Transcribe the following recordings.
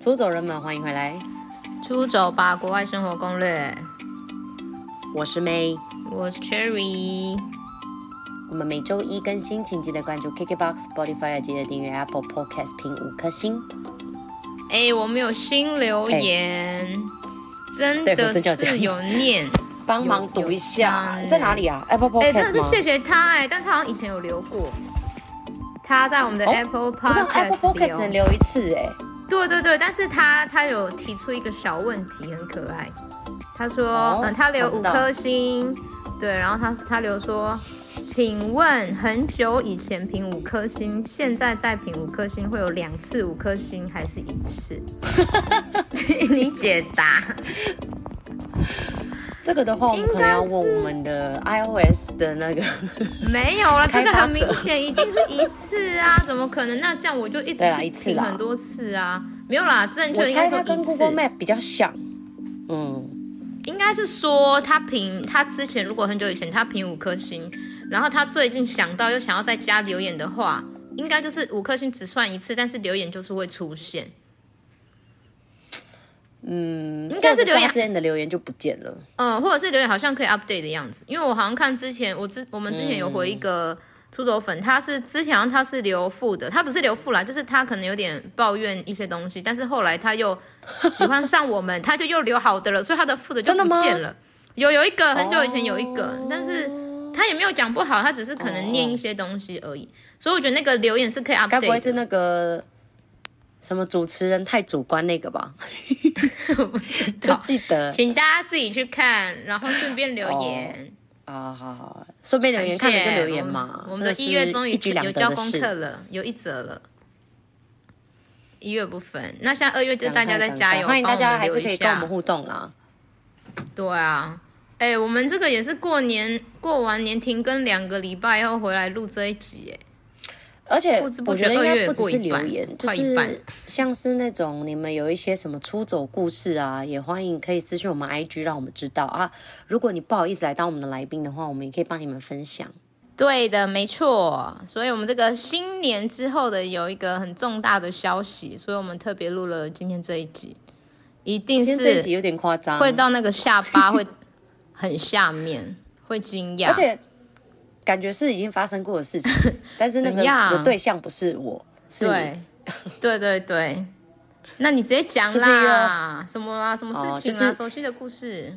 出走人們，歡迎回來！出走吧，國外生活攻略。我是 May，我是 Cherry。我們每周一更新，請記得關注 KKBOX i、Spotify，記得訂閱 Apple Podcast，評五顆星。哎、欸，我們有新留言，欸、真的是有念， 幫忙讀一下，欸、在哪裡啊？Apple Podcast 嗎、欸？哎，真的是謝謝他哎、欸，嗯、但他好像以前有留過。哦、他在我們的 Apple Podcast 只能留一次、欸對對對，但是他他有提出一個小問題，很可愛。他說，oh, 嗯，他留五顆星，對，然後他他留說，請問很久以前評五顆星，現在再評五顆星，會有兩次五顆星，還是一次？ 你解答。這個的話，我們可能要問我們的 iOS 的那個沒有了，開發者。這個很明顯一定是一次啊， 怎麼可能？那這樣我就一直去評很多次啊，一次啦，沒有啦，正確的應該說一次。我猜他跟 Google Map 比較像，嗯，應該是說他評他之前如果很久以前他評五顆星，然後他最近想到又想要再加留言的話，應該就是五顆星只算一次，但是留言就是會出現。嗯。但是留言，之前的留言就不見了。嗯，或者是留言好像可以 update 的樣子，嗯、因為我好像看之前，我之我們之前有回一個出走粉，他是之前他是留負的，他不是留負啦，就是他可能有點抱怨一些東西，但是後來他又喜歡上我們，他 就又留好的了，所以他的負的就不見了。真的嗎？有有一個很久以前有一個，哦、但是他也沒有講不好，他只是可能念一些東西而已，哦、所以我覺得那個留言是可以 update 的。該不會是那個？什麼主持人太主觀那個吧， 我不知道。就 記得，請大家自己去看，然後順便留言。啊，好好，順便留言，okay, 看了就留言嘛。我們，我們的一月終於有交功課了，有一則了。一月部分，那下二月就大家再加油，歡迎大家還是可以跟我們互動啦。對啊，哎、欸，我們這個也是過年過完年停更兩個禮拜，然後回來錄這一集欸。而且我覺得應該不只是留言，是一就是像是那種你們有一些什麼出走故事啊，也歡迎可以私信我們 IG 讓我們知道啊。如果你不好意思來當我們的來賓的話，我們也可以幫你們分享。對的，沒錯。所以，我們這個新年之後的有一個很重大的消息，所以我們特別錄了今天這一集，一定是有點誇張，會到那個下巴會很下面， 會驚訝，而且。感覺是已經發生過的事情， 但是那個樣的對象不是我，是你。 對對對對，那你直接講啦，什麼啦，什麼事情啊，哦就是、熟悉的故事。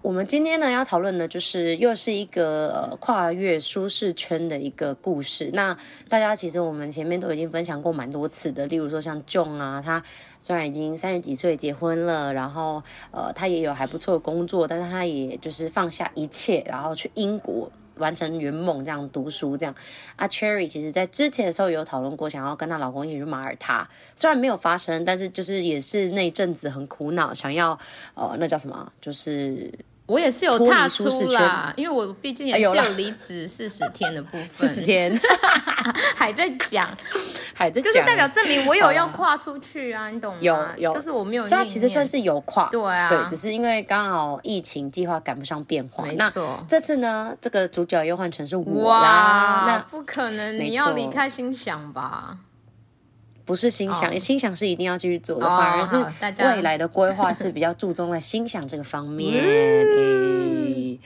我們今天呢要討論的就是又是一個、呃、跨越舒適圈的一個故事。那大家其實我們前面都已經分享過蠻多次的，例如說像 John 啊，他雖然已經三十幾歲結婚了，然後呃他也有還不錯的工作，但是他也就是放下一切，然後去英國。完成圓夢，這樣讀書這樣啊，Cherry 其實在之前的時候有討論過，想要跟她老公一起去馬爾他，雖然沒有發生，但是就是也是那一陣子很苦惱，想要呃、哦、那叫什麼，就是。我也是有踏出啦，因為我畢竟也是有離職四十天的部分。四十天，還在講，還在講，就是代表證明我有要跨出去啊，你懂嗎？有有，就是我沒有。所以其實算是有跨，對啊，對，只是因為剛好疫情計劃趕不上變化。沒錯，這次呢，這個主角又換成是我啦。那不可能，你要離開昕享吧？不是心想，oh. 心想是一定要繼續做的，oh, 反而是未來的規劃是比較注重在心想這個方面。 嗯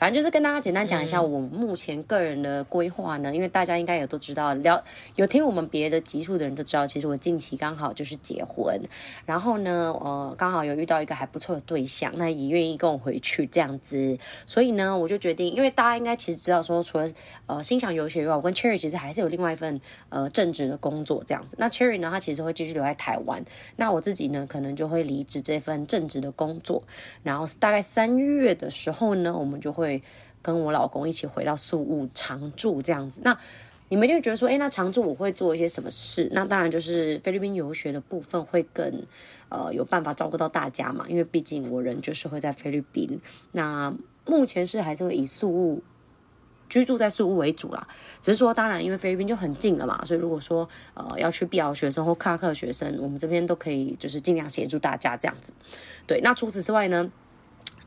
反正就是跟大家簡單講一下我目前個人的規劃呢，嗯、因為大家應該也都知道，聊有聽我們別的集數的人都知道，其實我近期剛好就是結婚，然後呢，呃，剛好有遇到一個還不錯的對象，那也願意跟我回去這樣子，所以呢，我就決定，因為大家應該其實知道說，除了呃昕享遊學以外，我跟 Cherry 其實還是有另外一份呃正職的工作這樣子。那 Cherry 呢，她其實會繼續留在台灣，那我自己呢，可能就會離職這份正職的工作，然後大概三月的時候呢，我們就會。會跟我老公一起回到宿務常住這樣子。那你們就會覺得說，誒、欸，那常住我會做一些什麼事？那當然就是菲律賓遊學的部分會更呃有辦法照顧到大家嘛，因為畢竟我人就是會在菲律賓。那目前是還是會以宿務居住在宿務為主啦，只是說當然因為菲律賓就很近了嘛，所以如果說呃要去碧瑤學生或卡克學生，我們這邊都可以就是儘量協助大家這樣子。對，那除此之外呢？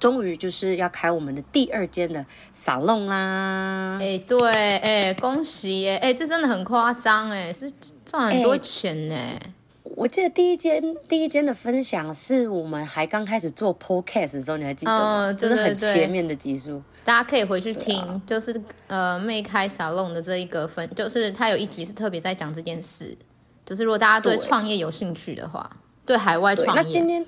終於就是要開我們的第二間的沙龍啦！哎，對，哎，恭喜，哎，哎，這真的很誇張，哎，是賺很多錢呢、哎。我記得第一間，第一間的分享是我們還剛開始做 podcast 的時候，你還記得嗎？嗯、對對對，就是很前面的集數大家可以回去聽。啊、就是呃，妹開沙龍的這一個分，就是他有一集是特別在講這件事。就是如果大家對創業有興趣的話，對，耶對海外創業。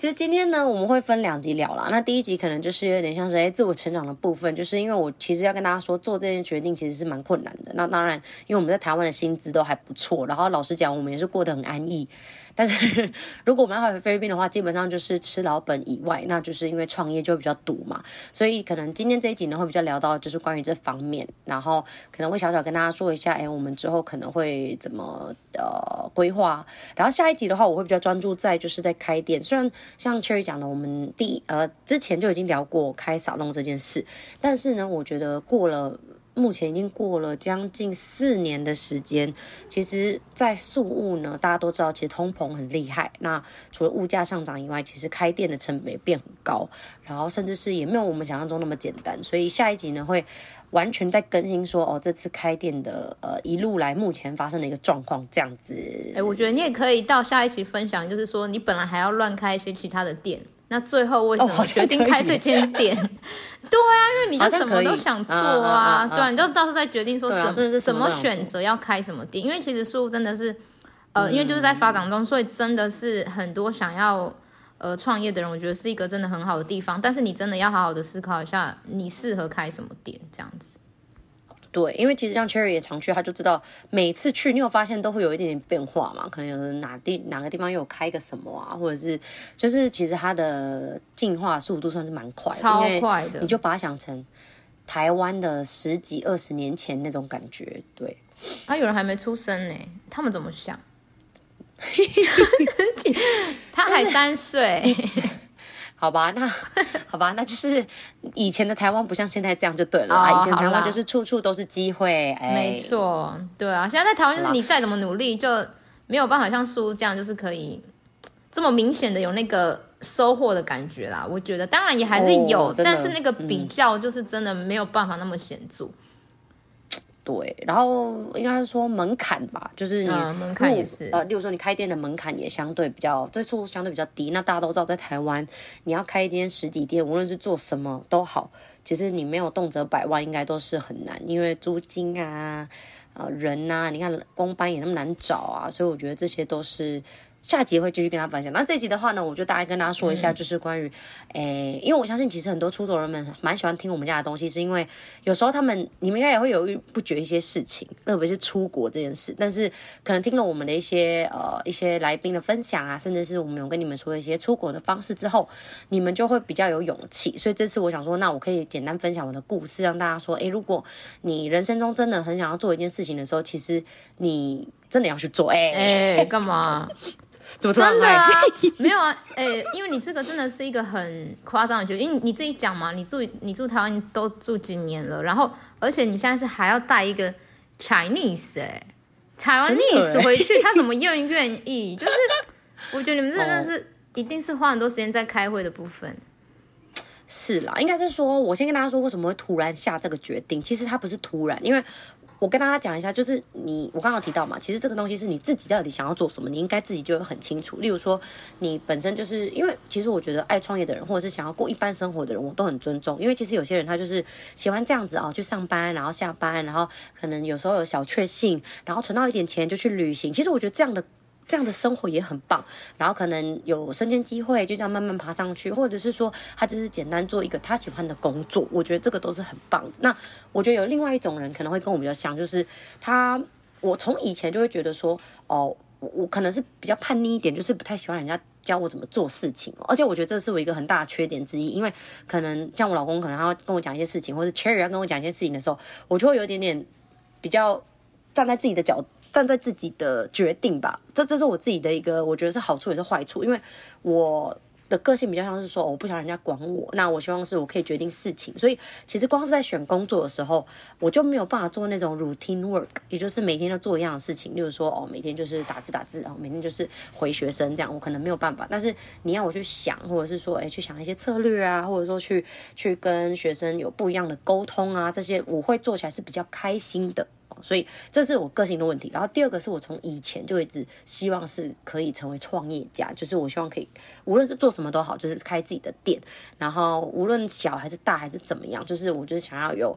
其實今天呢，我們會分兩集聊了。那第一集可能就是有點像是誒、哎、自我成長的部分，就是因為我其實要跟大家說，做這件決定其實是蠻困難的。那當然，因為我們在台灣的薪資都還不錯，然後老實講，我們也是過得很安逸。但是如果我們要回菲律賓的話，基本上就是吃老本以外，那就是因為創業就會比較堵嘛，所以可能今天這一集呢會比較聊到就是關於這方面，然後可能會小小跟大家說一下，哎、欸，我們之後可能會怎麼呃規劃，然後下一集的話我會比較專注在就是在開店，雖然像 Cherry 講的，我們第呃之前就已經聊過開 salon 這件事，但是呢，我覺得過了。目前已經過了將近四年的時間，其實，在宿霧呢，大家都知道，其實通膨很厲害。那除了物價上漲以外，其實開店的成本也變很高，然後甚至是也沒有我們想象中那麼簡單。所以下一集呢會完全在更新說，說哦，這次開店的呃一路來目前發生的一個狀況這樣子。欸，我覺得你也可以到下一集分享，就是說你本來還要亂開一些其他的店。那最後為什麼決定開這間店？哦、 對啊，因為你就什麼都想做啊，對，你就到時候再決定說怎怎麼、啊、麼、麼選擇要開什麼店，因為其實宿霧真的是，呃，嗯、因為就是在發展中，所以真的是很多想要呃創業的人，我覺得是一個真的很好的地方，但是你真的要好好的思考一下，你適合開什麼店這樣子。對，因為其實像 Cherry 也常去，他就知道每次去，你有發現都會有一點點變化嘛，可能有哪地哪個地方又有開個什麼啊，或者是就是其實它的進化速度算是蠻快的，超快的。你就把它想成台灣的十幾二十年前那種感覺，對。他、啊、有人還沒出生呢，他們怎麼想？ 他還三歲。 好吧，那好吧，那就是以前的台灣不像現在這樣就對了啊。哦、以前台灣就是處處都是機會，哦欸、沒錯，對啊。現在在台灣就是你再怎麼努力，就沒有辦法像蘇這樣，就是可以這麼明顯的有那個收穫的感覺啦。我覺得，當然也還是有，哦、但是那個比較就是真的沒有辦法那麼顯著。嗯對，然後應該是說門檻吧，就是你、uh, 門檻也、呃、是，呃，例如說你開店的門檻也相對比較，最初相對比較低。那大家都知道，在台灣，你要開一間實體店，無論是做什麼都好，其實你沒有動輒百萬，應該都是很難，因為租金啊，呃、人吶、啊，你看工班也那麼難找啊，所以我覺得這些都是。下集會繼續跟大家分享。那這集的話呢，我就大概跟大家說一下，就是關於，誒、嗯欸，因為我相信其實很多出走人們蠻喜歡聽我們家的東西，是因為有時候他們你們應該也會猶豫不決一些事情，特別是出國這件事。但是可能聽了我們的一些呃一些來賓的分享啊，甚至是我們有跟你們說一些出國的方式之後，你們就會比較有勇氣。所以這次我想說，那我可以簡單分享我的故事，讓大家說，誒、欸，如果你人生中真的很想要做一件事情的時候，其實你真的要去做。誒、欸，幹、欸、嘛？ 怎麼突然？真的啊，沒有啊，誒、欸，因為你這個真的是一個很誇張的決定，因為你自己講嘛，你住你住台灣都住幾年了，然後而且你現在是還要帶一個 Chinese、欸、Chinese 回去，他怎麼願願意？就是我覺得你們真的是、oh. 一定是花很多時間在開會的部分。是啦，應該是說我先跟大家說為什麼會突然下這個決定，其實他不是突然，因為。我跟大家講一下，就是你，我剛剛提到嘛，其實這個東西是你自己到底想要做什麼，你應該自己就會很清楚。例如說，你本身就是因為，其實我覺得愛創業的人，或者是想要過一般生活的人，我都很尊重，因為其實有些人他就是喜歡這樣子啊、哦，去上班，然後下班，然後可能有時候有小確幸，然後存到一點錢就去旅行。其實我覺得這樣的。這樣的生活也很棒，然後可能有升遷機會，就這樣慢慢爬上去，或者是說他就是簡單做一個他喜歡的工作，我覺得這個都是很棒。那我覺得有另外一種人可能會跟我比較像，就是他，我從以前就會覺得說，哦，我可能是比較叛逆一點，就是不太喜歡人家教我怎麼做事情，而且我覺得這是我一個很大的缺點之一，因為可能像我老公可能他會跟我講一些事情，或是 Cherry 要跟我講一些事情的時候，我就會有點點比較站在自己的角。站在自己的決定吧，這這是我自己的一個，我覺得是好處也是壞處，因為我的個性比較像是說，我不想讓人家管我，那我希望是我可以決定事情。所以其實光是在選工作的時候，我就沒有辦法做那種 routine work，也就是每天都做一樣的事情，例如說哦，每天就是打字打字，然後每天就是回學生這樣，我可能沒有辦法。但是你要我去想，或者是說，哎，去想一些策略啊，或者說去去跟學生有不一樣的溝通啊，這些我會做起來是比較開心的。所以這是我個性的問題。然後第二個是我從以前就一直希望是可以成為創業家，就是我希望可以，無論是做什麼都好，就是開自己的店，然後無論小還是大還是怎麼樣，就是我就是想要有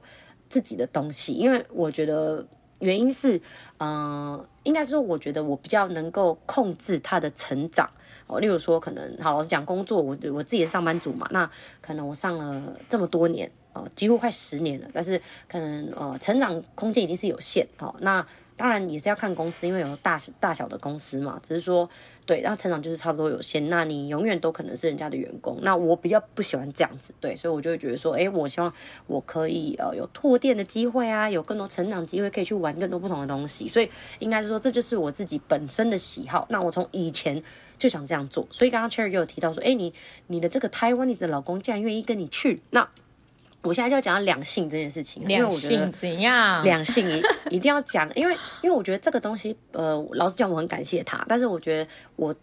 自己的東西。因為我覺得原因是，嗯、呃，應該是我覺得我比較能夠控制他的成長。哦，例如說，可能好老實講，工作我我自己的上班族嘛，那可能我上了這麼多年。呃，幾乎快十年了，但是可能呃，成長空間一定是有限。好、哦，那當然也是要看公司，因為有大小大小的公司嘛。只是說，對，然後成長就是差不多有限。那你永遠都可能是人家的員工。那我比較不喜歡這樣子，對，所以我就會覺得說，誒、欸，我希望我可以呃有拓店的機會啊，有更多成長機會，可以去玩更多不同的東西。所以應該是說，這就是我自己本身的喜好。那我從以前就想這樣做。所以剛剛 Cherry 也有提到說，誒、欸，你你的這個台灣你的老公竟然願意跟你去，那。我現在就要講到兩性這件事情，兩性怎樣，因為我覺得兩性一定要講，因為 因為我覺得這個東西，呃，老實講，我很感謝他，但是我覺得我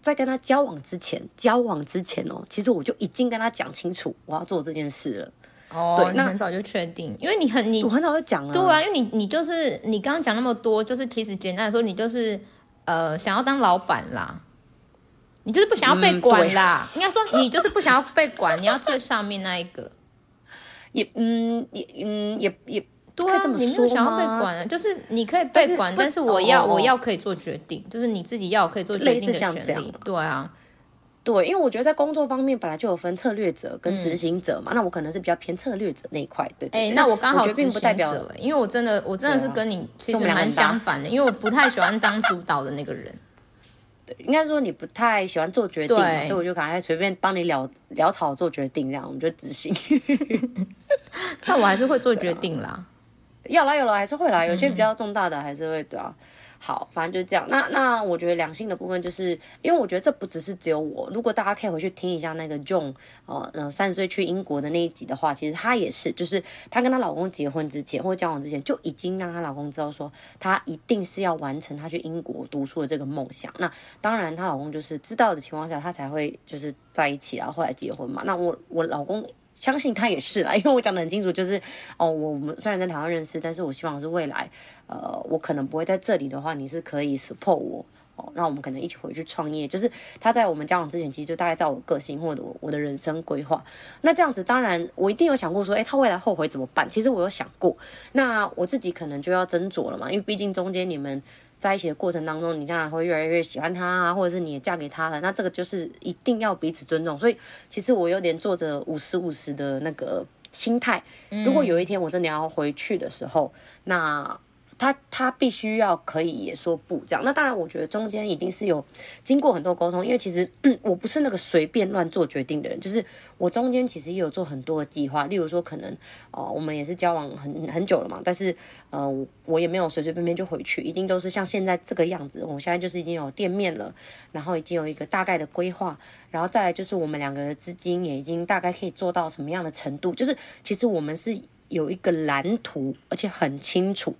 在跟他交往之前，交往之前哦，其實我就已經跟他講清楚我要做這件事了。哦，那你很早就確定，因為你很你我很早就講了、啊，對啊，因為你你就是你剛剛講那麼多，就是其實簡單來說，你就是呃想要當老板啦，你就是不想要被管啦，嗯、應該說你就是不想要被管， 你要最上面那一個。也嗯也嗯也也對啊！你沒有想要被管啊。就是你可以被管，但是我要我要可以做決定，就是你自己要可以做決定。類似像這樣，對啊，對，因為我覺得在工作方面本來就有分策略者跟執行者嘛，那我可能是比較偏策略者那一塊，對不對？那我剛好不代表執行者，因為我真的我真的是跟你其實蠻相反的，因為我不太喜歡當主導的那個人。對，應該說你不太喜歡做決定，對所以我就趕快隨便幫你潦潦草做決定，這樣我們就執行。但 我還是會做決定啦。要來有了還是會來，有些比較重大的還是會對啊。嗯嗯好，反正就這樣。那那我覺得良性的部分，就是因為我覺得這不只是只有我。如果大家可以回去聽一下那個 John，呃，三十歲去英國的那一集的話，其實她也是，就是她跟她老公結婚之前或交往之前，就已經讓她老公知道說她一定是要完成她去英國讀書的這個夢想。那當然，她老公就是知道的情況下，她才會就是在一起，然後後來結婚嘛。那我我老公。相信他也是啦，因為我講得很清楚，就是哦，我們雖然在台灣認識，但是我希望是未來，呃，我可能不會在這裡的話，你是可以 support 我，哦，那我們可能一起回去創業。就是他在我們交往之前，其實就大概在我個性或者我，我的人生規劃。那這樣子，當然我一定有想過說，誒，欸，他未來後悔怎麼辦？其實我有想過，那我自己可能就要斟酌了嘛，因為畢竟中間你們。在一起的過程當中，你看會越來越喜歡他啊，或者是你也嫁給他了，那這個就是一定要彼此尊重。所以，其實我有點做着五十五十的那個心態。嗯，如果有一天我真的要回去的時候，那。他他必須要可以也說不這樣，那當然我覺得中間一定是有經過很多溝通，因為其實，嗯，我不是那個隨便亂做決定的人，就是我中間其實也有做很多的計劃，例如說可能哦，呃，我們也是交往很很久了嘛，但是呃我，我也沒有隨隨便便便就回去，一定都是像現在這個樣子。我現在就是已經有店面了，然後已經有一個大概的規劃，然後再來就是我們兩個的資金也已經大概可以做到什麼樣的程度，就是其實我們是有一個藍圖，而且很清楚。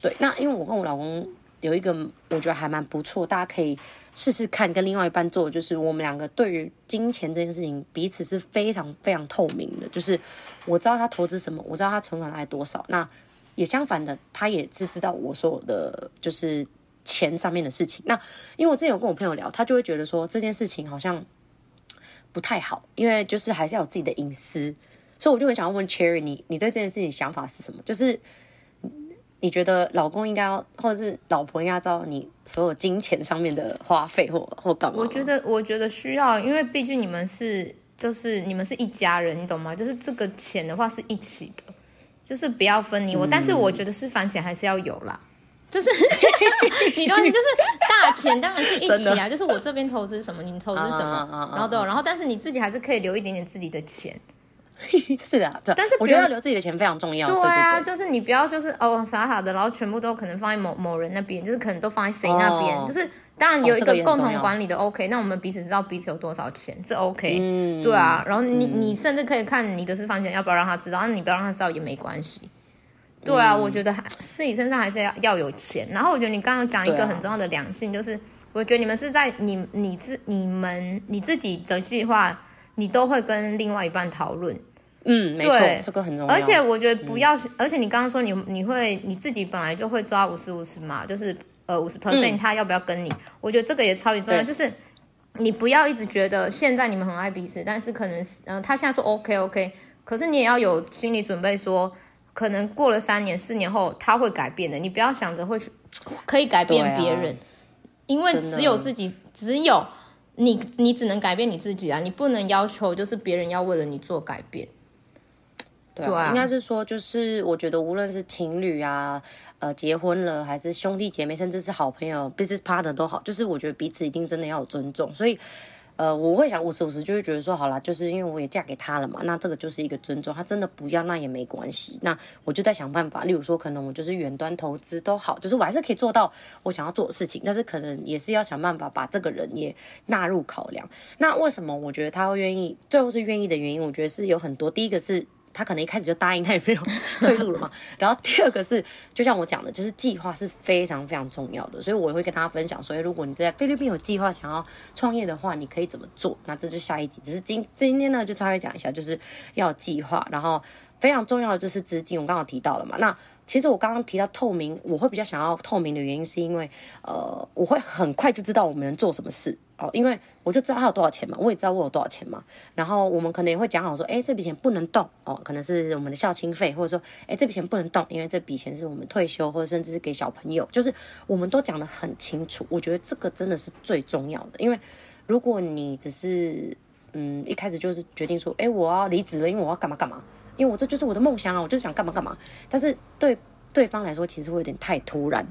對，那因為我跟我老公有一個，我覺得還蠻不錯，大家可以試試看跟另外一半做，就是我們兩個對於金錢這件事情彼此是非常非常透明的，就是我知道他投資什麼，我知道他存款大概多少，那也相反的，他也是知道我所有的就是錢上面的事情。那因為我之前有跟我朋友聊，他就會覺得說這件事情好像不太好，因為就是還是要有自己的隱私，所以我就會想要問 Cherry，你你對這件事情想法是什麼？就是。你覺得老公應該要，或者是老婆應該要，照你所有金錢上面的花費或或幹嘛？我覺得我覺得需要，因為畢竟你們是就是你們是一家人，你懂嗎？就是這個錢的話是一起的，就是不要分你我。嗯、但是我覺得私房錢還是要有啦，就是 你東西就是大錢當然是一起啊， 的就是我這邊投資什麼，你投資什麼，啊啊啊啊啊然後對然後，但是你自己還是可以留一點點自己的錢。 是啊， 但是我覺得留自己的錢非常重要。對啊，對對對就是你不要就是哦傻傻的，然後全部都可能放在某某人那邊，就是可能都放在誰那邊，哦、就是當然有一個共同管理的 OK、哦。那、這個、我們彼此知道彼此有多少錢，這 OK、嗯。對啊。然後你、嗯、你甚至可以看你的私房錢要不要讓他知道，那你不要讓他知道也沒關係。嗯、對啊，我覺得自己身上還是要要有錢。然後我覺得你剛剛講一個很重要的良性，啊、就是我覺得你們是在你你自你們你自己的計劃，你都會跟另外一半討論。嗯，沒錯對這個很重要。而且我覺得不要，嗯、而且你剛剛說你你會你自己本來就會抓五十五十嘛，就是呃五十 percent，他要不要跟你？嗯、我覺得這個也超級重要，對就是你不要一直覺得現在你們很愛彼此，對但是可能嗯、呃、他現在說 OK OK，可是你也要有心理準備說，說可能過了三年四年後他會改變的。你不要想着會去可以、啊、改變別人，因為只有自己，的只有你你只能改變你自己啊，你不能要求就是別人要為了你做改變。對、啊，對啊、應該是說，就是我覺得無論是情侶啊，呃，結婚了還是兄弟姐妹，甚至是好朋友，business partner 都好，就是我覺得彼此一定真的要有尊重。所以，呃，我會想，五十五十，就會覺得說，好啦，就是因為我也嫁給他了嘛，那這個就是一個尊重。他真的不要，那也沒關係，那我就在想辦法。例如說，可能我就是遠端投資都好，就是我還是可以做到我想要做的事情，但是可能也是要想辦法把這個人也納入考量。那為什麼我覺得他會願意，最後是願意的原因，我覺得是有很多。第一個是。他可能一開始就答應，他也沒有退路了嘛。然後第二個是，就像我講的，就是計劃是非常非常重要的，所以我會跟大家分享說。所以、欸、如果你在菲律賓有計劃想要創業的話，你可以怎麼做？那這就下一集。只是今今天呢，就稍微講一下，就是要計劃，然後非常重要的就是資金。我剛好提到了嘛，那。其實我剛剛提到透明，我會比較想要透明的原因，是因為，呃，我會很快就知道我們能做什麼事哦，因為我就知道他有多少錢嘛，我也知道我有多少錢嘛，然後我們可能也會講好說，哎，這筆錢不能動哦，可能是我們的孝親費，或者說，哎，這筆錢不能動，因為這筆錢是我們退休，或者甚至是給小朋友，就是我們都講得很清楚，我覺得這個真的是最重要的，因為如果你只是，嗯，一開始就是決定說，哎，我要離職了，因為我要幹嘛幹嘛。因為我這就是我的夢想啊，我就是想幹嘛幹嘛。但是對對方來說，其實會有點太突然。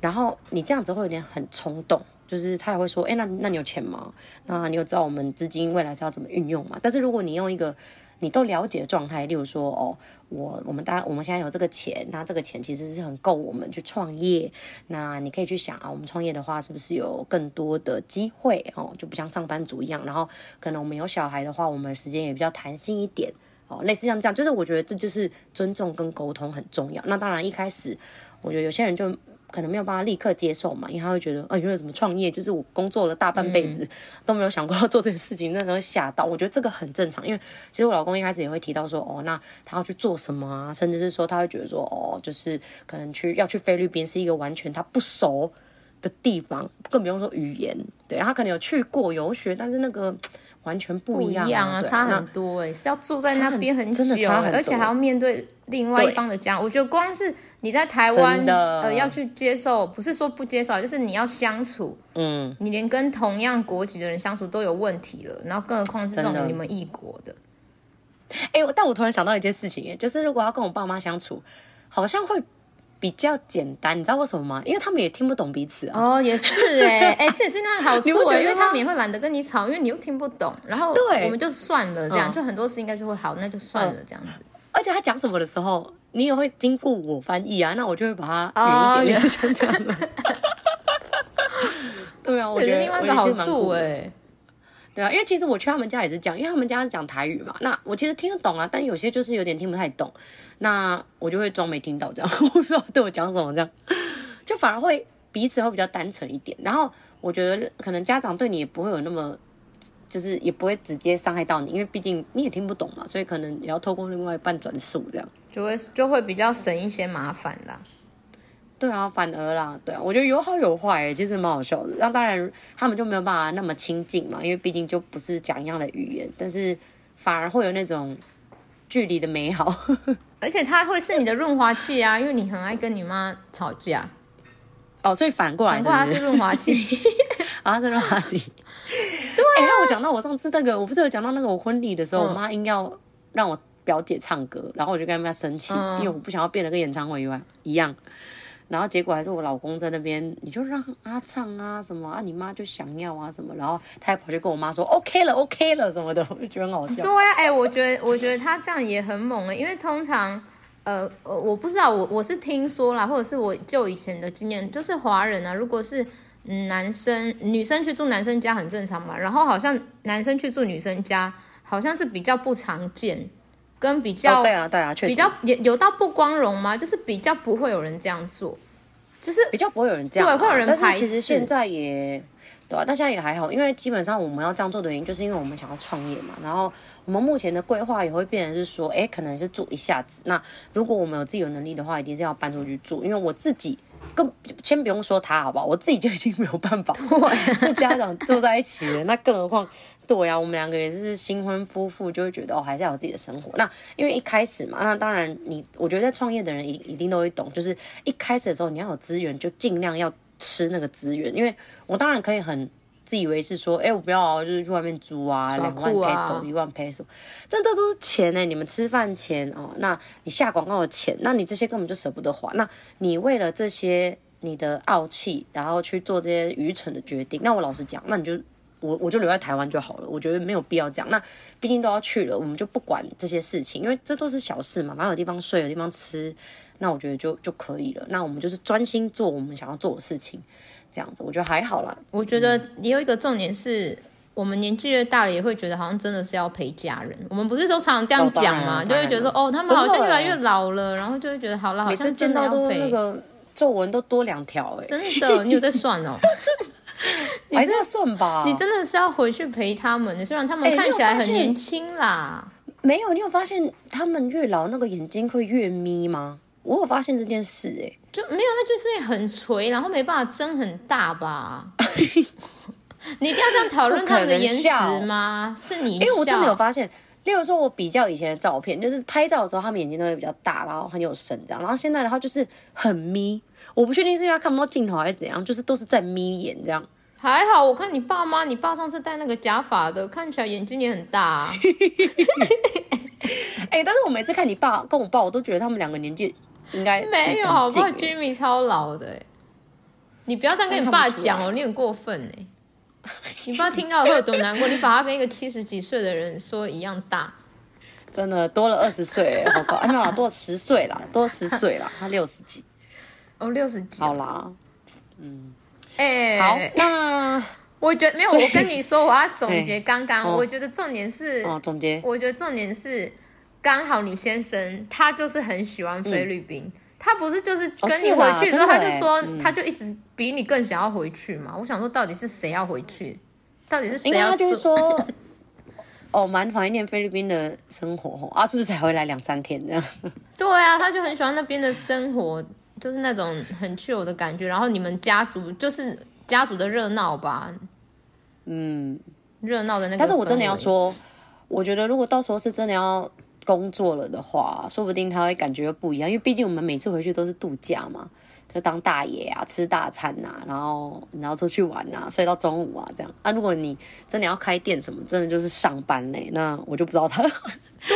然後你這樣子會有點很衝動，就是他也會說：“誒，那那你有錢嗎？那你有知道我們資金未來是要怎麼運用嗎？”但是如果你用一個你都了解的狀態，例如說：“哦，我我們大家我們現在有這個錢，那這個錢其實是很夠我們去創業。那你可以去想啊，我們創業的話是不是有更多的機會哦？就不像上班族一樣。然後可能我們有小孩的話，我們時間也比較彈性一點。”類似像這樣，就是我覺得這就是尊重跟溝通很重要。那當然一開始，我覺得有些人就可能沒有辦法立刻接受嘛，因為他會覺得啊、呃，因為有什麼創業，就是我工作了大半輩子都沒有想過要做這個事情，那都會嚇到。我覺得這個很正常，因為其實我老公一開始也會提到說，哦，那他要去做什麼啊？甚至是說他會覺得說，哦，就是可能去要去菲律賓是一個完全他不熟的地方，更不用說語言。對，他可能有去過遊學，但是那個。完全不一樣，不一樣啊，對差很多誒、欸。那是要住在那邊很久、欸，很很而且還要面對另外一方的家。對我覺得光是你在台灣的呃要去接受，不是說不接受，就是你要相處，嗯，你連跟同樣國籍的人相處都有問題了，然後更何況是這種你們異國的。哎、欸，但我突然想到一件事情耶、欸，就是如果要跟我爸媽相處，好像會。比較簡單，你知道為什麼嗎？因為他們也聽不懂彼此哦、啊，oh, 也是哎、欸，哎、 欸，這也是那個好處、欸、 因為他們也會懶得跟你吵，因為你又聽不懂，然後對我們就算了，這樣、嗯、就很多事應該就會好，那就算了這樣子。嗯、而且他講什麼的時候，你也會經過我翻譯啊，那我就會把它啊，也是、oh, yeah. 這樣的。 對啊，我覺得 另外一個好處哎。欸對啊，因為其實我去他們家也是講，因為他們家是講台語嘛。那我其實聽得懂啊，但有些就是有點聽不太懂，那我就會裝沒聽到這樣。我不知道對我講什麼這樣，就反而會彼此會比較單純一點。然後我覺得可能家長對你也不會有那麼，就是也不會直接傷害到你，因為畢竟你也聽不懂嘛，所以可能也要透過另外一半轉述這樣，就會就會比較省一些麻煩啦。對啊，反而啦，對啊，我覺得有好有壞，欸，其實蠻好笑的。當然他們就沒有辦法那麼親近嘛，因為畢竟就不是講一樣的語言。但是反而會有那種距離的美好，而且它會是你的潤滑劑啊， 因為你很愛跟你媽吵架哦，所以反過來是是，反過來是潤滑劑 啊，是潤滑劑。 對，欸、我想到我上次那個，我不是有講到那個我婚禮的時候，嗯、我媽硬要讓我表姐唱歌，然後我就跟他們生氣，嗯、因為我不想要變得跟演唱會一樣一樣。然後結果還是我老公在那邊，你就讓阿暢啊什麼啊，你媽就想要啊什麼，然後他還跑去跟我媽說 OK 了 OK 了什麼的，我就覺得很好笑對、啊。對呀，哎，我覺得我覺得他這樣也很猛啊、欸，因為通常，呃，我不知道，我我是聽說啦，或者是我就以前的經驗，就是華人啊，如果是男生女生去住男生家很正常嘛，然後好像男生去住女生家好像是比較不常見，跟比較對啊、哦、對啊，確實、啊。比較有有到不光榮嗎？就是比較不會有人這樣做。就是比較不會有人這樣、啊，但是其實現在也，對啊，但現在也還好，因為基本上我們要這樣做的原因，就是因為我們想要創業嘛。然後我們目前的規劃也會變成是說，哎、欸，可能是住一下子。那如果我們有自己有能力的話，一定是要搬出去住，因為我自己。更先不用說他，好不好，我自己就已經沒有辦法。對， 家長住在一起了，那更何況，對呀、啊，我們兩個也是新婚夫婦，就會覺得哦，還是要有自己的生活。那因為一開始嘛，那當然你，我覺得在創業的人一一定都會懂，就是一開始的時候你要有資源，就儘量要吃那個資源，因為我當然可以很。自以為是說，哎、欸，我不要、啊，就是去外面租啊，兩、啊、萬 p e s o 一萬 p e s o 真的都是錢哎、欸！你們吃飯錢哦，那你下廣告的錢，那你這些根本就捨不得花。那你為了這些你的傲氣，然後去做這些愚蠢的決定，那我老實講，那你就我我就留在台灣就好了，我覺得沒有必要這樣。那畢竟都要去了，我們就不管這些事情，因為這都是小事嘛，有地方睡，有地方吃，那我覺得就就可以了。那我們就是專心做我們想要做的事情。這樣子，我覺得還好啦。我覺得也有一個重點是，嗯、我們年紀越大了，也會覺得好像真的是要陪家人。我們不是都常常這樣講嘛，哦、就會覺得說，哦，他們好像越來越老了，然後就會覺得，好了，好像真的要陪，每次見到都那個皺紋都多兩條，真的，你有在算哦？還是要算吧？你真的是要回去陪他們。雖然他們看起來很年輕啦、欸，沒有，你有發現他們越老那個眼睛會越眯嗎？我有發現這件事、欸，哎，就沒有，那就是很垂，然後沒辦法睜很大吧？ 你一定要這樣討論他們的顏值嗎？是你，因為、欸、我真的有發現，例如說，我比較以前的照片，就是拍照的時候，他們眼睛都會比較大，然後很有神這樣，然後現在的話就是很眯，我不確定是因為他看不到鏡頭還是怎樣，就是都是在眯眼這樣。還好，我看你爸媽，你爸上次戴那個假髮的，看起來眼睛也很大、啊。哎、 欸，但是我每次看你爸跟我爸，我都覺得他們兩個年紀。沒有，好吧，Jimmy 超老的，你不要這樣跟你爸講哦，你很過分哎，你爸聽到會有多難過？你把他跟一個七十幾歲的人說一樣大，真的多了二十歲，好吧？沒有啦，多十歲啦，多十歲啦，他六十幾，哦，六十幾，好啦，嗯，哎，好，那我覺得沒有，我跟你說，我要總結剛剛，我覺得重點是，哦，總結，我覺得重點是。剛好你先生他就是很喜歡菲律賓，嗯、他不是就是跟你回去之後、哦、他就說、嗯、他就一直比你更想要回去嘛。我想說到底是誰要回去，到底是誰要？應該就是說， 哦，蠻懷念菲律賓的生活啊，是不是才回來兩三天這樣？對啊，他就很喜歡那邊的生活，就是那種很 chill 的感覺。然後你們家族就是家族的熱鬧吧，嗯，熱鬧的那個。但是我真的要說，我覺得如果到時候是真的要。工作了的話，說不定他會感覺不一樣，因為畢竟我們每次回去都是度假嘛，就當大爺啊，吃大餐吶、啊，然後然後出去玩吶、啊，睡到中午啊這樣啊。如果你真的要開店什麼，真的就是上班嘞，那我就不知道他。對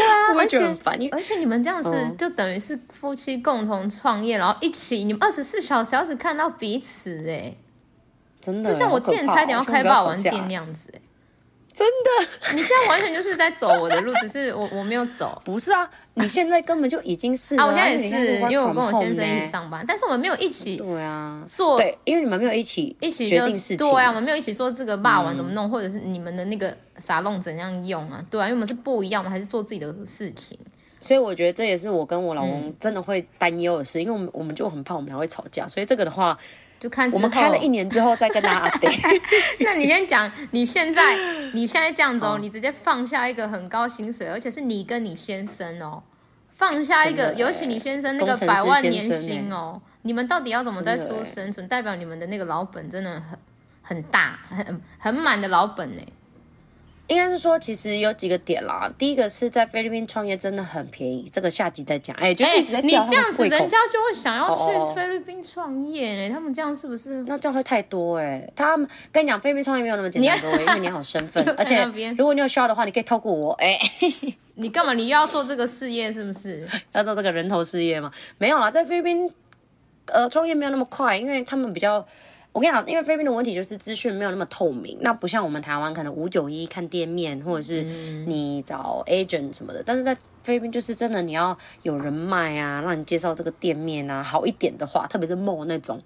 啊，我覺得很煩。而且，為而且你們這樣子就等於是夫妻共同創業，嗯、然後一起你們二十四小時要是看到彼此哎，真的、喔、就像我之前差點要開霸王店那樣子哎。真的，你現在完全就是在走我的路。 只是我我沒有走。不是啊，你現在根本就已經是啊，啊我現在也是，因為我跟我先生一起上班，但是我們沒有一起對啊做，因為你們沒有一起一起決定事情。對啊，我們沒有一起說這個罵完怎麼弄，嗯、或者是你們的那個沙龍怎樣用啊？對啊，因為我們是不一樣，我們還是做自己的事情。所以我覺得這也是我跟我老公真的會擔憂的事，嗯、因為我們我們就很怕我們倆會吵架，所以這個的話。就看我們開了一年之後再跟他。 那你先講，你現在你現在這樣子哦、喔， 你直接放下一個很高薪水，而且是你跟你先生哦、喔，放下一個，欸、尤其你先生那個百萬年薪哦、喔，欸、你們到底要怎麼在宿霧生存？欸、代表你們的那個老本真的很很大，很很滿的老本呢、欸？應該是說，其實有幾個點啦。第一個是在菲律賓創業真的很便宜，這個下集再講。哎、欸，就是、欸、你這樣子，人家就會想要去菲律賓創業呢、欸。哦哦，他們這樣是不是？那這樣會太多哎、欸。他們跟你講，菲律賓創業沒有那麼簡單多、欸，要因為你好身份，而且如果你有需要的話，你可以透過我。哎、欸， 你幹嘛？你又要做這個事業是不是？ 要做這個人頭事業嘛？沒有啦，在菲律賓，呃，創業沒有那麼快，因為他們比較。我跟你講，因為菲律賓的問題就是資訊沒有那麼透明，那不像我們台灣可能五九一看店面，或者是你找 agent 什麼的，嗯、但是在菲律賓就是真的你要有人脈啊，讓你介紹這個店面啊好一點的話，特別是 mall 那種，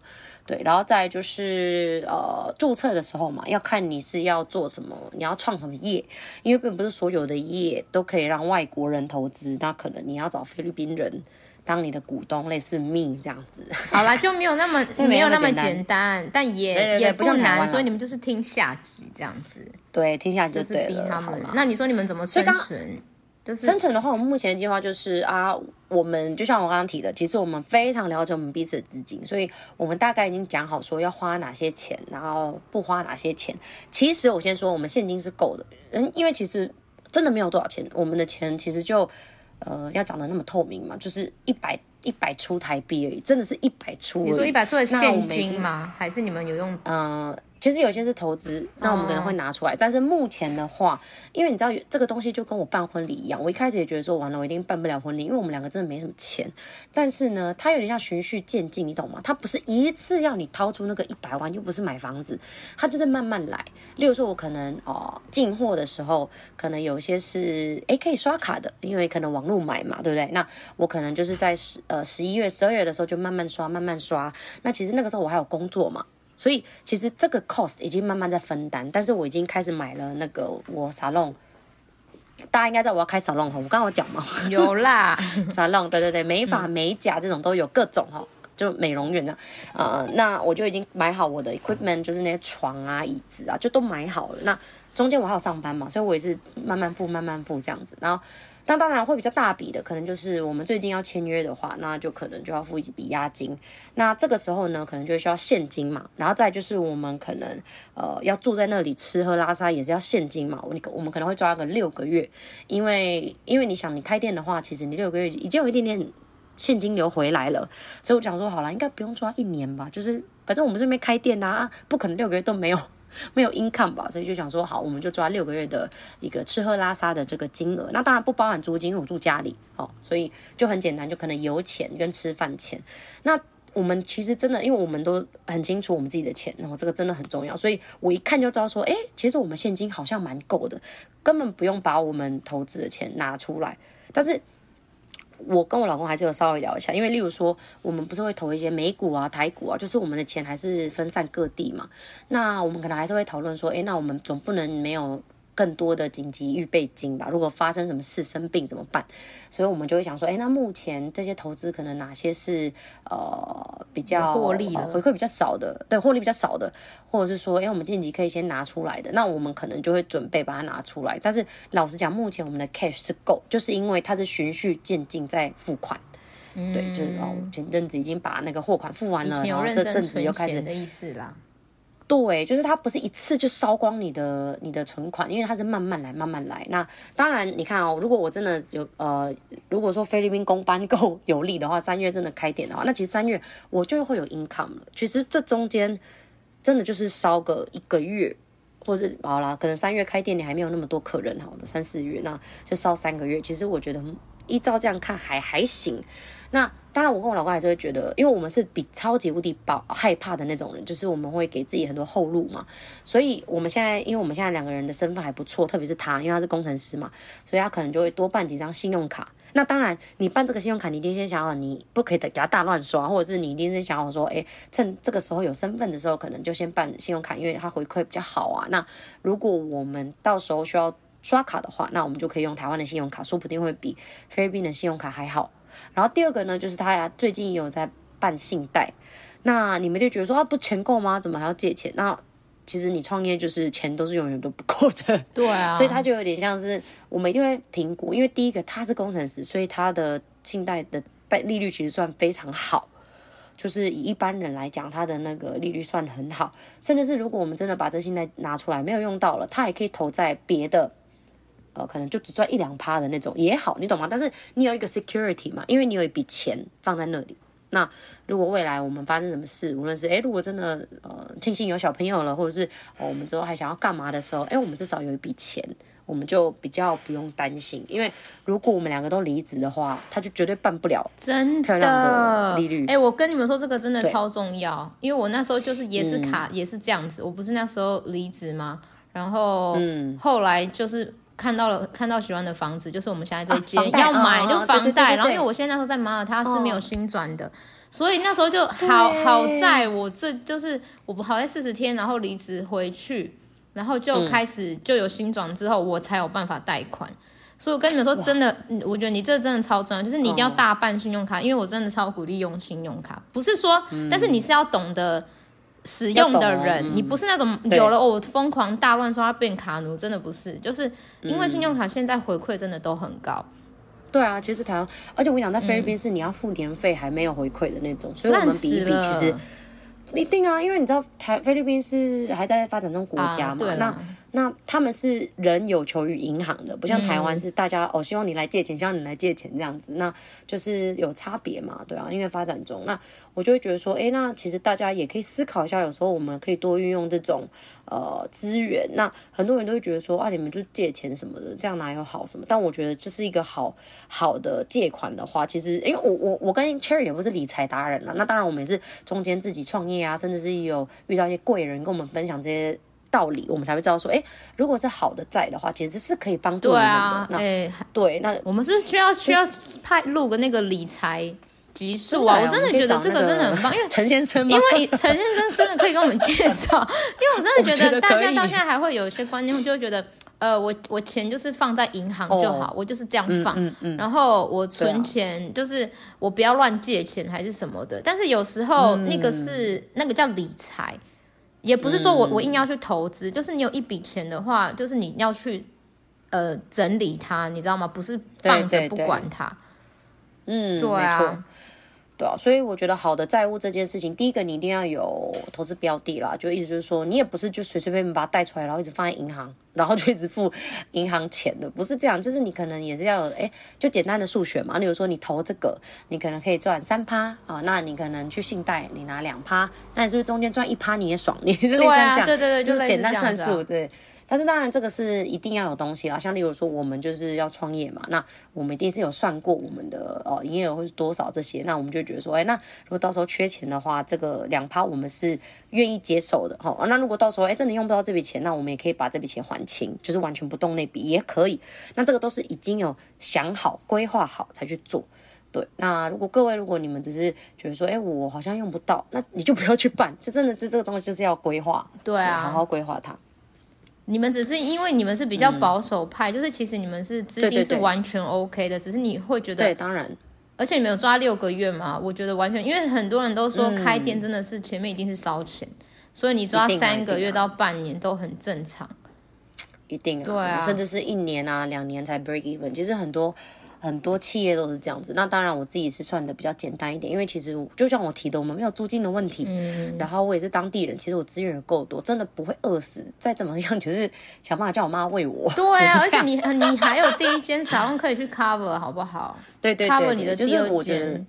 對，然後再就是呃註冊的時候嘛，要看你是要做什麼，你要創什麼業，因為並不是所有的業都可以讓外國人投資，那可能你要找菲律賓人。當你的股東類似 Mei 這樣子，好啦，就沒有那麼 沒有那麼簡單，簡單但也對對對，也不難，所以你們就是聽下集這樣子。對，聽下集就對了。好，那你說你們怎麼生存？就，當就是生存的話，我們目前的計劃就是啊，我們就像我剛剛提的，其實我們非常了解我們彼此的資金，所以我們大概已經講好說要花哪些錢，然後不花哪些錢。其實我先說，我們現金是夠的，嗯，因為其實真的沒有多少錢，我們的錢其實就。呃，要講得那麼透明嘛？就是一百一百出台幣而已，真的是一百出。你說一百出的現金嗎？還是你們有用？呃。其實有些是投資，那我們可能會拿出來。哦、但是目前的話，因為你知道這個東西就跟我辦婚禮一樣，我一開始也覺得說完了，我一定辦不了婚禮，因為我們兩個真的沒什麼錢。但是呢，它有點像循序漸進，你懂嗎？它不是一次要你掏出那個一百萬，又不是買房子，它就是慢慢來。例如說，我可能哦、呃、進貨的時候，可能有一些是誒可以刷卡的，因為可能網絡買嘛，對不對？那我可能就是在十呃十一月、十二月的時候就慢慢刷，慢慢刷。那其實那個時候我還有工作嘛。所以其實這個 cost 已經慢慢在分擔，但是我已經開始買了那個我沙龍，大家應該知道我要開沙龍哈。我剛剛有講嘛，有啦，沙龍 對對對，美髮、美甲這種都有各種哈,就美容院的。啊、呃,那我就已經買好我的 equipment，就是那些床啊、椅子啊,就都買好了。那中間我還要上班嘛,所以我也是慢慢付、慢慢付這樣子。然後。那當然會比較大筆的，可能就是我們最近要簽約的話，那就可能就要付一筆押金。那這個時候呢，可能就需要現金嘛。然後再就是我們可能呃要住在那裡吃喝拉撒也是要現金嘛。我我們可能會抓個六個月，因為因為你想你開店的話，其實你六個月已經有一點點現金流回來了。所以我想說好了，應該不用抓一年吧，就是反正我們這邊開店啊，不可能六個月都沒有。沒有 income 吧，所以就想說，好，我們就抓六個月的一個吃喝拉撒的這個金額。那當然不包含租金，因為我住家裡，好、哦，所以就很簡單，就可能油錢跟吃飯錢。那我們其實真的，因為我們都很清楚我們自己的錢，然、哦、後這個真的很重要，所以我一看就知道說，誒，其實我們現金好像蠻夠的，根本不用把我們投資的錢拿出來，但是。我跟我老公還是有稍微聊一下，因為例如說，我們不是會投一些美股啊、台股啊，就是我們的錢還是分散各地嘛。那我們可能還是會討論說，欸，那我們總不能沒有。更多的緊急預備金吧，如果發生什麼事生病怎麼辦？所以我們就會想說，哎、欸，那目前這些投資可能哪些是呃比較獲利了、呃，回饋比較少的？對，獲利比較少的，或者是說，哎、欸，我們近期可以先拿出來的，那我們可能就會準備把它拿出來。但是老實講，目前我們的 cash 是夠，就是因為它是循序漸進在付款，嗯、對，就是、哦、我前陣子已經把那個貨款付完了，然後這陣子又開始的意思啦。對，就是它不是一次就燒光你的你的存款，因為它是慢慢來，慢慢來。那當然，你看哦，如果我真的有呃，如果說菲律賓工班夠有利的話，三月真的開店的話，那其實三月我就會有 income 了。其實這中間真的就是燒個一個月，或是好啦，可能三月開店你還沒有那麼多客人好了，三四月那就燒三個月。其實我覺得依照這樣看還還行。那。當然，我跟我老公還是會覺得，因為我們是比超級無敵爆害怕的那種人，就是我們會給自己很多後路嘛。所以，我們現在，因為我們現在兩個人的身份還不錯，特別是他，因為他是工程師嘛，所以他可能就會多辦幾張信用卡。那當然，你辦這個信用卡，你一定先想好，你不可以的給他大亂刷，或者是你一定是想好說，哎，趁這個時候有身份的時候，可能就先辦信用卡，因為他回饋比較好啊。那如果我們到時候需要刷卡的話，那我們就可以用台灣的信用卡，說不定會比菲律賓的信用卡還好。然後第二個呢，就是他呀，最近有在辦信貸，那你們就覺得說啊，不錢夠嗎？怎麼還要借錢？那其實你創業就是錢都是永遠都不夠的，對啊。所以他就有點像是我們一定會評估，因為第一個他是工程師，所以他的信貸的貸利率其實算非常好，就是以一般人來講，他的那個利率算很好，甚至是如果我們真的把這信貸拿出來沒有用到了，他也可以投在別的。呃，可能就只賺一兩趴的那種也好，你懂嗎？但是你有一個 security 嘛，因為你有一筆錢放在那裡。那如果未來我們發生什麼事，無論是誒、欸，如果真的呃，慶幸有小朋友了，或者是、哦、我們之後還想要幹嘛的時候，誒、欸，我們至少有一筆錢，我們就比較不用擔心。因為如果我們兩個都離職的話，他就絕對辦不了真的漂亮的利率。哎、欸，我跟你們說，這個真的超重要，對因為我那時候就是也是卡，嗯、也是這樣子。我不是那時候離職嗎？然後、嗯、後來就是。看到了，看到喜歡的房子，就是我們現在這間、啊、要買的房、哦、就房貸，對對對對對，然後因為我現在那時候在馬爾他是沒有薪轉的，哦、所以那時候就好對好在我這就是我不好在四十天，然後離職回去，然後就開始就有薪轉之後，嗯、我才有辦法貸款，所以我跟你們說真的，哇我覺得你這真的超重要，就是你一定要大辦信用卡，哦、因為我真的超鼓勵用信用卡，不是說，嗯、但是你是要懂得。使用的人，懂你不是那種有了我瘋狂大亂刷要變卡奴，對真的不是，就是因為信用卡現在回饋真的都很高、嗯。對啊，其實台灣，而且我跟你講，在菲律賓是你要付年費還沒有回饋的那種，嗯、所以我們比一比，其實一定啊，因為你知道台菲律賓是還在發展中國家嘛，啊、對那。那他們是人有求於銀行的，不像台灣是大家哦，希望你來借錢，希望你來借錢這樣子，那就是有差別嘛，對啊，因為發展中，那我就會覺得說，誒、欸，那其實大家也可以思考一下，有時候我們可以多運用這種呃資源。那很多人都會覺得說，啊，你們就借錢什麼的，這樣哪有好什麼？但我覺得這是一個好好的借款的話，其實因為、欸、我我我跟 Cherry 也不是理財達人啦，那當然我們也是中間自己創業啊，甚至是有遇到一些貴人跟我們分享這些。道理我們才會知道說，哎，如果是好的債的話，其實是可以幫助我們的。哎，對，那我們是需要需要拍錄個那個理財集數啊！我真的覺得這個真的很棒，因為陳先生，因為陳先生真的可以跟我們介紹。因為我真的覺得大家到現在還會有一些觀念，就會覺得，呃，我我錢就是放在銀行就好，我就是這樣放，然後我存錢就是我不要亂借錢還是什麼的。但是有時候那個是那個叫理財。也不是說我、嗯、我硬要去投資，就是你有一筆錢的話，就是你要去呃整理它，你知道嗎？不是放着不管它，對對對，嗯，對啊。啊、所以我覺得好的債務這件事情，第一個你一定要有投資標的啦，就意思就是說，你也不是就隨隨便便把它貸出來，然後一直放在銀行，然後就一直付銀行錢的，不是這樣，就是你可能也是要有，哎，就簡單的數學嘛，例如說你投這個，你可能可以賺三趴啊，那你可能去信貸，你拿兩趴，那你是不是中間賺一趴你也爽？你就類這樣講，啊，對對對，就，就簡單算數，啊、對。但是當然，這個是一定要有東西啦。像例如說，我們就是要創業嘛，那我們一定是有算過我們的哦，營業額會是多少這些。那我們就覺得說，哎、欸，那如果到時候缺錢的話，這個兩趴我們是願意接受的哈。那如果到時候哎、欸，真的用不到這筆錢，那我們也可以把這筆錢還清，就是完全不動那筆也可以。那這個都是已經有想好、規劃好才去做。對，那如果各位，如果你們只是覺得說，哎、欸，我好像用不到，那你就不要去辦。就真的，這這個東西就是要規劃，對啊，對，好好規劃它。你們只是因為你們是比較保守派，嗯、就是其實你們是資金是完全 OK 的，對對對，只是你會覺得對，當然，而且你們有抓六個月嘛，嗯、我覺得完全，因為很多人都說開店真的是前面一定是燒錢，嗯、所以你抓三個月到半年都很正常，一定啊、一定啊、對啊，甚至是一年啊兩年才 break even，其實很多。很多企業都是這樣子，那當然我自己是算的比較簡單一點，因為其實就像我提的，我們沒有租金的問題，嗯、然後我也是當地人，其實我資源也夠多，真的不會餓死。再怎麼樣就是想辦法叫我媽餵我。對啊，而且你你還有第一間沙龍可以去 cover 好不好？對對對，對，cover 你的第二間。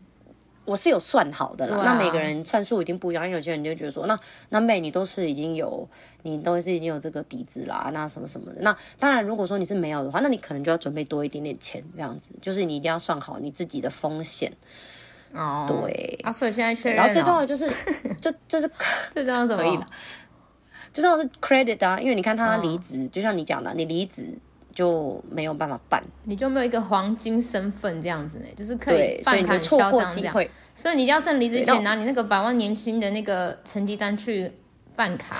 我是有算好的啦，Wow. 那每個人算數一定不一樣，有些人就覺得說，那那妹你都是已經有，你都是已經有這個底子啦，那什麼什麼的，那當然如果說你是沒有的話，那你可能就要準備多一點點錢這樣子，就是你一定要算好你自己的風險。哦，oh. 對，啊，所以現在確認了，然後最重要的就是， 就就是最重要是可以啦。最 重要的是 credit 啊，因為你看他離職，oh. 就像你講的，你離職。就沒有辦法辦，你就沒有一個黃金身份這樣子、欸、就是可以辦卡很囂張這樣子，所以你，所以你要趁離職前拿你那個百萬年薪的那個成績單去辦卡，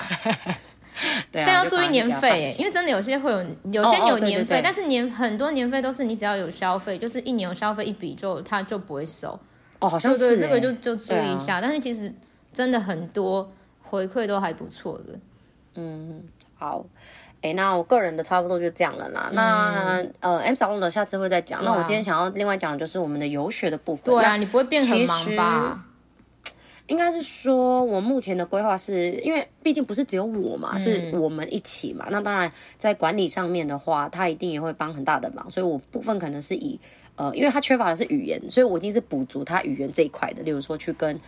對， 對啊，但要注意年費、欸、因為真的有些會有，有些有年費，哦哦、對對對，但是年很多年費都是你只要有消費，就是一年有消費一筆就它就不會收哦，好像是、欸、對對這個就就注意一下，啊、但是其實真的很多回饋都還不錯的，嗯，好。哎、欸，那我個人的差不多就這樣了啦。嗯、那呃，M Salon 的下次會再講。啊、那我今天想要另外講的就是我們的遊學的部分。對啊，那你不會變成很忙吧？應該是說，我目前的規劃是因為畢竟不是只有我嘛，嗯、是我們一起嘛。那當然，在管理上面的話，他一定也會幫很大的忙。所以我部分可能是以呃，因為他缺乏的是語言，所以我一定是補足他語言這一塊的。例如說，去跟。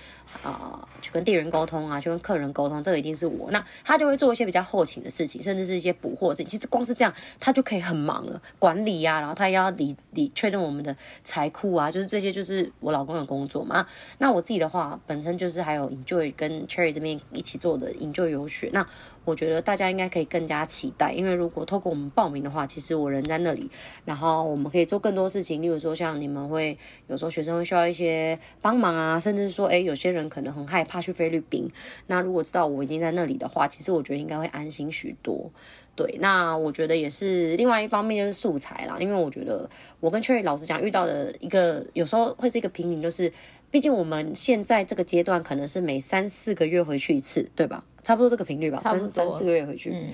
啊，去跟店員溝通啊，去跟客人溝通，這個一定是我。那他就會做一些比較後勤的事情，甚至是一些補貨的事情。其實光是這樣，他就可以很忙了。管理呀，然後他也要理理確認我們的財庫啊，就是這些就是我老公的工作嘛。那我自己的話，本身就是還有 Enjoy 跟 Cherry 這邊一起做的 Enjoy 遊學。那我覺得大家應該可以更加期待，因為如果透過我們報名的話，其實我人在那裡，然後我們可以做更多事情。例如說，像你們會有時候學生會需要一些幫忙啊，甚至說，誒，有些。人可能很害怕去菲律賓。那如果知道我已經在那裡的話，其實我覺得應該會安心許多。對，那我覺得也是。另外一方面就是素材啦。因為我覺得我跟 Cherry 老師講遇到的一個有時候會是一個瓶頸，就是畢竟我們現在這個階段可能是每三四個月回去一次，對吧？差不多這個頻率吧，三三四個月回去。嗯，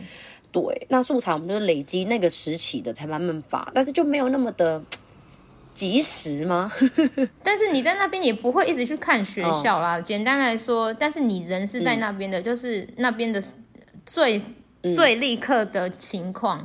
對。那素材我們就累積那個時期的才慢慢發，但是就沒有那麼的。及時嗎？ 但是你在那邊也不會一直去看學校啦。Oh. 簡單來說，但是你人是在那邊的，嗯、就是那邊的最、嗯、最立刻的情況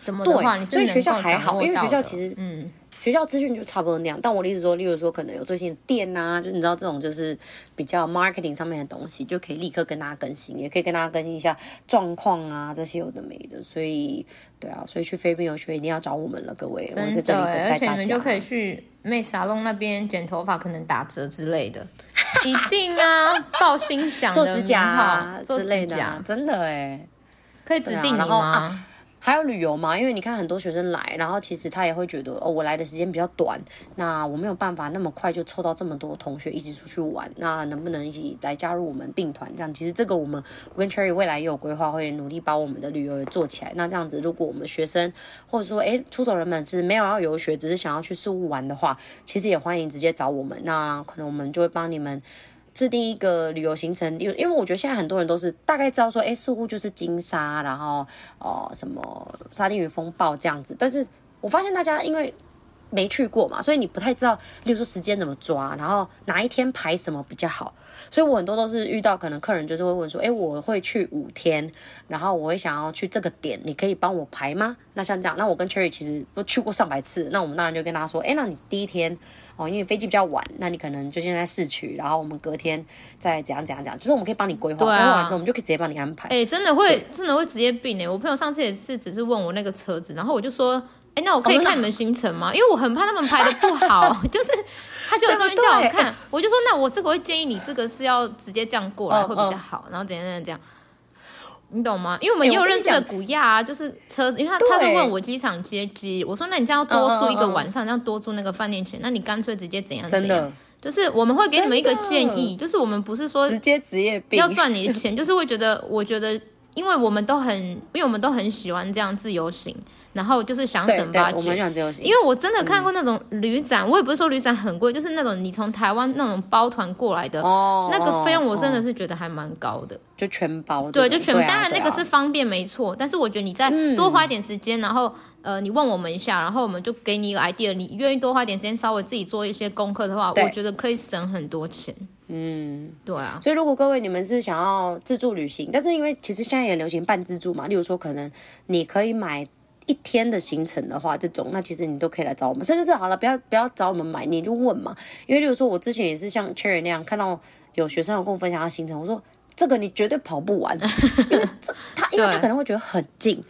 什麼的話，你是能夠掌握到的。學校資訊就差不多那樣，但我的意思說，例如說可能有最近的店吶、啊，就你知道這種就是比較 marketing 上面的東西，就可以立刻跟大家更新，也可以跟大家更新一下狀況啊這些有的沒的，所以對啊，所以去菲律賓留學一定要找我們了，各位。我在這裡的，而且你們就可以去美沙龍那邊剪頭髮，可能打折之類的， 一定啊！抱心想 做、指、啊、做指甲，之類的？真的誒可以指定你嗎？還有旅遊嗎？因為你看很多學生來，然後其實他也會覺得哦，我來的時間比較短，那我沒有辦法那麼快就湊到這麼多同學一起出去玩，那能不能一起來加入我們併團？這樣其實這個我們我跟 Cherry 未來也有規劃，會努力把我們的旅遊也做起來。那這樣子，如果我們學生或者說誒出走人們是沒有要遊學，只是想要去宿霧玩的話，其實也歡迎直接找我們。那可能我們就會幫你們。制定一個旅遊行程，因為因為我覺得現在很多人都是大概知道說，哎，似乎就是鯨鯊，然後哦、呃、什麼沙丁魚風暴這樣子，但是我發現大家因為。沒去過嘛，所以你不太知道，例如說時間怎麼抓，然後哪一天排什麼比較好。所以我很多都是遇到可能客人就是會問說，哎，我會去五天，然後我會想要去這個點，你可以幫我排嗎？那像這樣，那我跟 Cherry 其實都去過上百次，那我們當然就跟他說，哎，那你第一天哦，因為飛機比較晚，那你可能就現在市區，然後我們隔天再怎樣怎樣怎樣，就是我們可以幫你規劃，規劃、啊、完之後我們就可以直接幫你安排。哎，真的會，對真的會直接職業病哎、欸。我朋友上次也是只是問我那個車子，然後我就說。哎，那我可以看你們行程嗎？因為我很怕他們拍的不好，就是他覺得照片比較好看，我就說，那我這個會建議你這個是要直接這樣過來會比較好，然後怎樣怎樣怎樣，你懂嗎？因為我們也有認識的古亞，啊，就是車子，因為他他是問我機場接機，我說，那你這樣要多住一個晚上，這樣多住那個飯店錢，那你乾脆直接怎樣怎樣，真的，就是我們會給你們一個建議，就是我們不是說直接職業病要賺你的錢，就是會覺得我覺得，因為我們都很因為我們都很喜歡這樣自由行。然後就是想省吧，因為我們因為我真的看過那種旅展，我也不是說旅展很貴，就是那種你從台灣那種包團過來的，哦，那個費用我真的是覺得還蠻高的，就全包的，對，就全。當然那個是方便沒錯，但是我覺得你再多花點時間，然後呃，你問我們一下，然後我們就給你一個 idea，你願意多花點時間，稍微自己做一些功課的話，我覺得可以省很多錢。嗯，對啊。所以如果各位你們是想要自助旅行，但是因為其實現在也流行半自助嘛，例如說可能你可以買。一天的行程的話，這種那其實你都可以來找我們，甚至是好了，不要不要找我們買，你就問嘛。因為例如說，我之前也是像 Cherry 那樣，看到有學生有跟我分享他行程，我說這個你絕對跑不完， 因為這他因為他可能會覺得很近。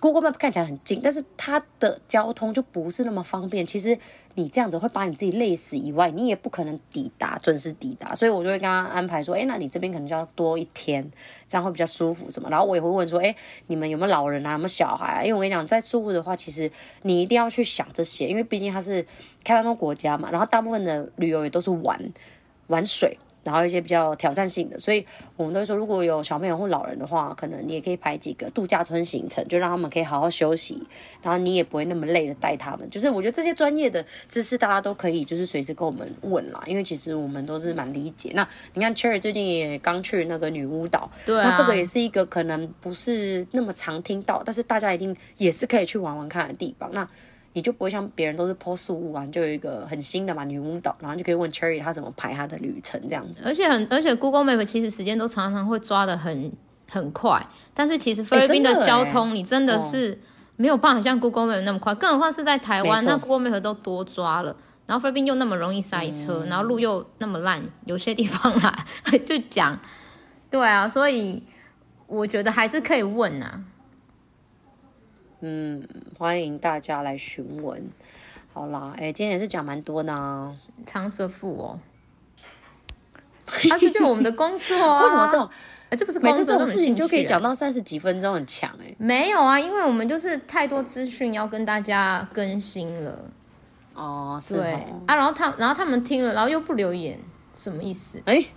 Google Maps 看起來很近，但是它的交通就不是那麼方便。其實你這樣子會把你自己累死以外，你也不可能抵達準時抵達，所以我就會跟他安排說：“哎、欸，那你這邊可能就要多一天，這樣會比較舒服。”什麼？然後我也會問說：“哎、欸，你們有沒有老人啊？有沒有小孩啊？”因為我跟你講，在宿務的話，其實你一定要去想這些，因為畢竟它是開發中國家嘛。然後大部分的旅遊也都是玩玩水。然後一些比較挑戰性的，所以我們都會說，如果有小朋友或老人的話，可能你也可以排幾個度假村行程，就讓他們可以好好休息，然後你也不會那麼累的帶他們。就是我覺得這些專業的知識，大家都可以就是隨時跟我們問啦，因為其實我們都是蠻理解。那你看 Cherry 最近也剛去那個女巫島，對啊，那這個也是一個可能不是那麼常聽到，但是大家一定也是可以去玩玩看的地方。那你就不會像別人都是 POS、啊、就有一個很新的嘛，女巫島然後就可以問 Cherry 她怎麼排她的旅程這樣子。而且很而且 Google Map 其實時間都常常會抓的很很快，但是其實菲律賓的交通、欸真的欸、你真的是沒有辦法像 Google Map 那麼快，哦、更何況是在台灣，沒錯、那 Google Map 都多抓了，然後菲律賓又那麼容易塞車，嗯、然後路又那麼爛，有些地方啦 就講，對啊，所以我覺得還是可以問啊。嗯，歡迎大家來詢問。好啦，誒、欸，今天也是講蠻多的啊，長舌婦哦、喔，啊，這就是我們的工作啊。 為什麼這種哎、欸，這不是工作的、啊、事情就可以講到三十幾分鐘很強誒、欸？沒有啊，因為我們就是太多資訊要跟大家更新了。哦，是。啊，然後他，然後他們聽了，然後又不留言，什麼意思？哎、欸，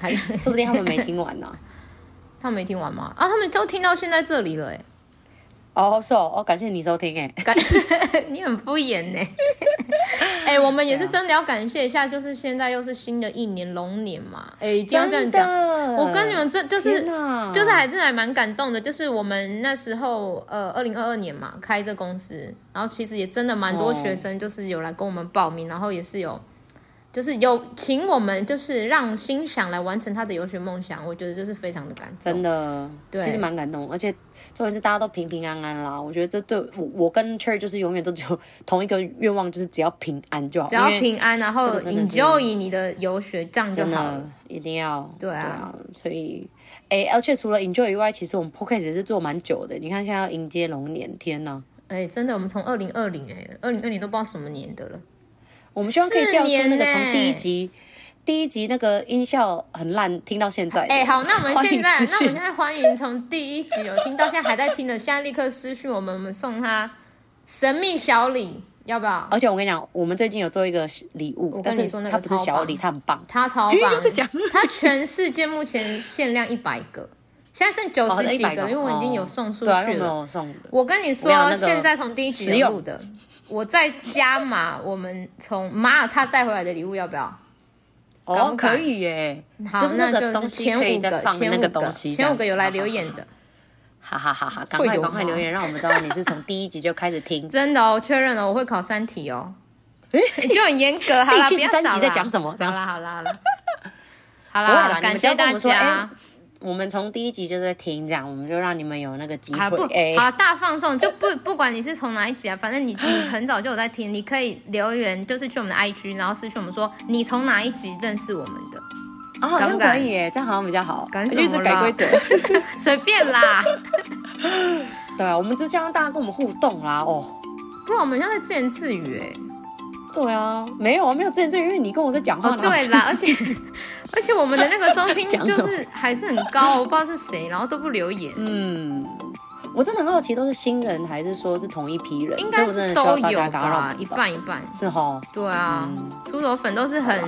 還 是說不定他們沒聽完呢、啊？ 他們沒聽完嗎？啊，他們都聽到現在這裡了誒、欸。哦，是哦，哦，感謝你收聽，哎，感，你很敷衍呢，哎，我們也是真的要感謝一下，就是現在又是新的一年龍年嘛，哎、欸，一定要這樣講，我跟你們真，就是，哪就是還真的還蠻感動的，就是我們那時候呃，二零二二年嘛，開這公司，然後其實也真的蠻多學生就是有來跟我們報名，哦、然後也是有。就是有請我們，就是讓心想來完成他的遊學夢想，我覺得這是非常的感動，真的，對，其實蠻感動，而且這一次大家都平平安安啦，我覺得這對，我跟 Cherry 就是永遠都只有同一個願望，就是只要平安就好，只要平安，為然後 Enjoy 以你的遊學這樣就好了一定要，對啊，對啊，所以，哎、欸，而且除了 Enjoy 以外，其實我們 Podcast 也是做蠻久的，你看現在要迎接龍年天、啊，天吶，哎，真的，我們從二零二零，誒二零二零都不知道什麼年的了。我們希望可以調出那個，從第一集，第一集那個音效很爛，聽到現在。哎，好，那我們現在，那我們現在歡迎從第一集有聽到現在還在聽的，現在立刻私訊我們，我們送他神秘小禮，要不要？而且我跟你講，我們最近有做一個禮物，我跟你說那個不是小禮，它很棒，它超棒，它全世界目前限量一百個，現在剩九十幾個了，因為我已經有送出去了。我跟你說，現在從第一集錄的。我再加碼嘛，我們從馬爾他帶回來的禮物要不要？哦、oh，可以耶！好，就那，那就是前五個，那個東西前那個，前五個有來留言的。哈哈哈哈！趕快趕快留言，讓我們知道你是從第一集就開始聽。 真的哦，確認了、哦，我會考三題哦。誒 就很嚴格。好了，第三集在講什麼？ 好啦好了了，好啦，好啦， 好啦感謝大家。我們從第一集就在聽，這樣我們就讓你們有那個機會，啊欸、好、啊、大放送，就不不管你是從哪一集啊，反正你你很早就有在聽， 你可以留言，就是去我們的 IG，然後是去我們說你從哪一集認識我們的，啊，可以誒，這樣好像比較好，感覺又在改規則，隨 便啦， 對啊，我們只想讓大家跟我們互動啦，哦，不，我們要在自言自語誒，對啊，沒有啊，沒有自言自語，因為你跟我在講話，哦、對啦，而且。而且我們的那個收聽就是還是很高，我不知道是誰，然後都不留言。嗯，我真的很好奇，都是新人還是說是同一批人？應該是都有吧，一半一半。是哈。對啊，出走粉都是很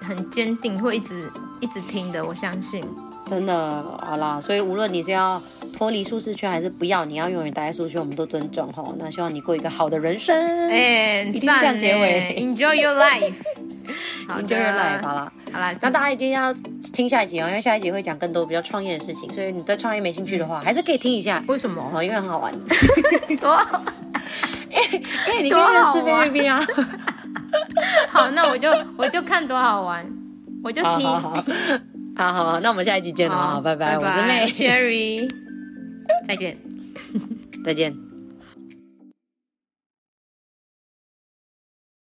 很堅定，會一直一直聽的，我相信。真的。好啦，所以無論你是要脫離舒適圈還是不要，你要永遠待在舒適圈，我們都尊重哈。那希望你過一個好的人生，哎，一定是這樣結尾，Enjoy your life，Enjoy your life，好啦。好啦，那大家一定要聽下一集哦，因為下一集會講更多比較創業的事情。所以你對創業沒興趣的話，還是可以聽一下。為什麼、哦？因為很好玩。 多好玩！ 欸欸、多好 你兵兵啊。 好，那我就我就看多好玩，我就聽。好好好，好，好，好好好，那我們下一集見了。拜拜。我是妹 Jerry 再見，再見。